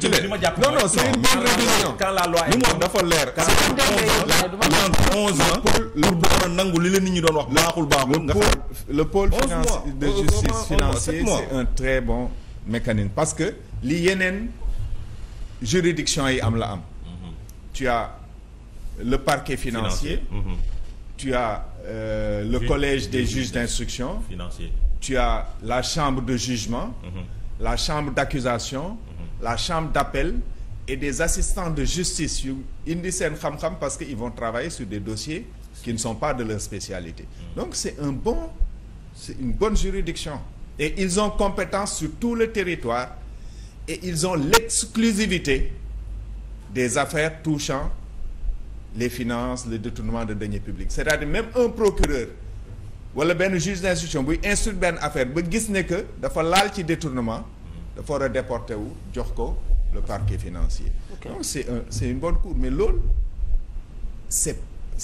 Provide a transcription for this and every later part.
jëlee non non c'est une bonne révision li mu wax dafa leer. c'est onze ans pour pour nangu li la nit ñi doon wax baaxul baaxul. nga xam le pôle finance de justice financier c'est un très bon mécanisme parce que li yeneen juridiction yi am la am. Mhm. tu as le parquet financier. Mhm. tu as euh, le collège des juges d'instruction. financier tu as la chambre de jugement. Mhm. la chambre d'accusation. la chambre d'appel et des assistants de justice yu indi seen xam-xam parce que ils vont travailler sur des dossiers qui ne sont pas de leur spécialité donc c'est un bon c'est une bonne juridiction et ils ont compétence sur tout le territoire et ils ont l'exclusivité des affaires touchant les finances le détournement de deniers publics c'est-à-dire même un procureur wala benn juge d'instruction buy instruire benn affaire ba gis ne que dafa laal ci détournement dafa war a déporté wu jox ko le parquet financier. Okay. donc c' est un c' est une mais loolu c' est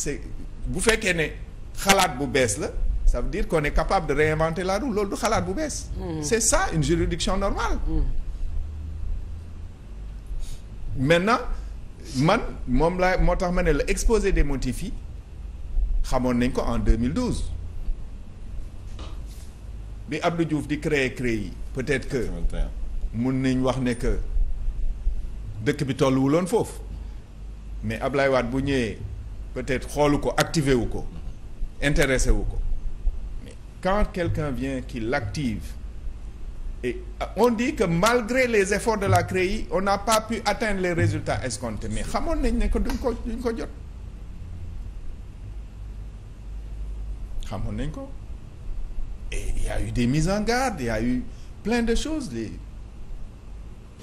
est bu fekkee ne xalaat bu bees la ça veut dire qu'on est capable de réinventer la roue loolu du xalaat bu bees. Hmm. c' est ça une juridiction normale. Mm. maintenant man moom la moo tax ma ne la exposé des motifs yi xamoon nañ ko en 2012. bi Abdou Diouf di créer CREI yi peut-être que mun nañ wax ne que dëkk bi tolluwuloon foofu mais Ablaye Wade bu ñëwee peut-être xoolu ko activé wu ko intéressé wu ko mais quand quelqu'un vient qui l'active et on dit que malgré les efforts de la CREI on n'a pas pu atteindre les résultats escomptés mais xamoon nañ ne que duñ ko duñ ko jot xamoon nañ ko et il y eu des mises en garde il y eu plein de choses li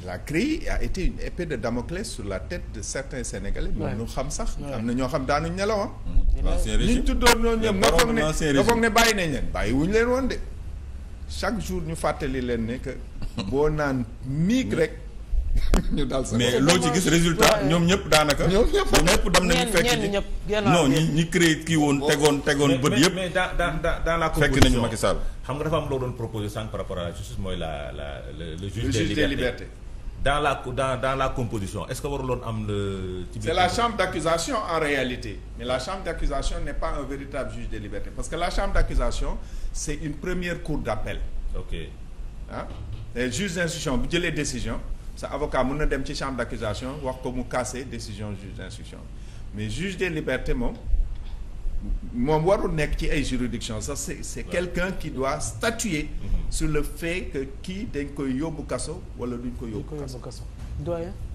la CREI a été une épée de Damoclès sur la tête de certains Sénégalais. waaw ñu xam sax. am na ñoo xam daanuñ nelaw ah. mmh. l'ancien ne nga foog ne bàyyi nañ leen bàyyi wuñ leen woon de. chaque ñu fàttali leen ne que boo naan miig rek. ñu loo ci gis résultat ñoom ñëpp daanaka. ñoom ñëpp dem nañu fekk ci non ñi ñi créé kii woon tegoon tegoon yëpp. mais dans dans dans xam nga dafa am loo doon proposé sànq par rapport à la justice mooy la la le juge des libertés. dans la dans dans la composition est-ce que waruloon am le. ci c'est la chambre d'accusation en réalité mais la chambre d'accusation n'est pas un véritable juge des libertés parce que la chambre d'accusation c'est une première cour d'appel. ok ah le juge d'instruction bu jëlee décision sa avocat mën na dem ci chambre d'accusation wax ko mu casser décision juge d'instruction mais juge des libertés moom. moom warul nekk ci ay juridiction sax c'est c'est quelqu'un qui doit statuer mm-hmm. sur le fait que kii dañ koy yóbbu kaso wala duñ ko yóbbu kaso doyen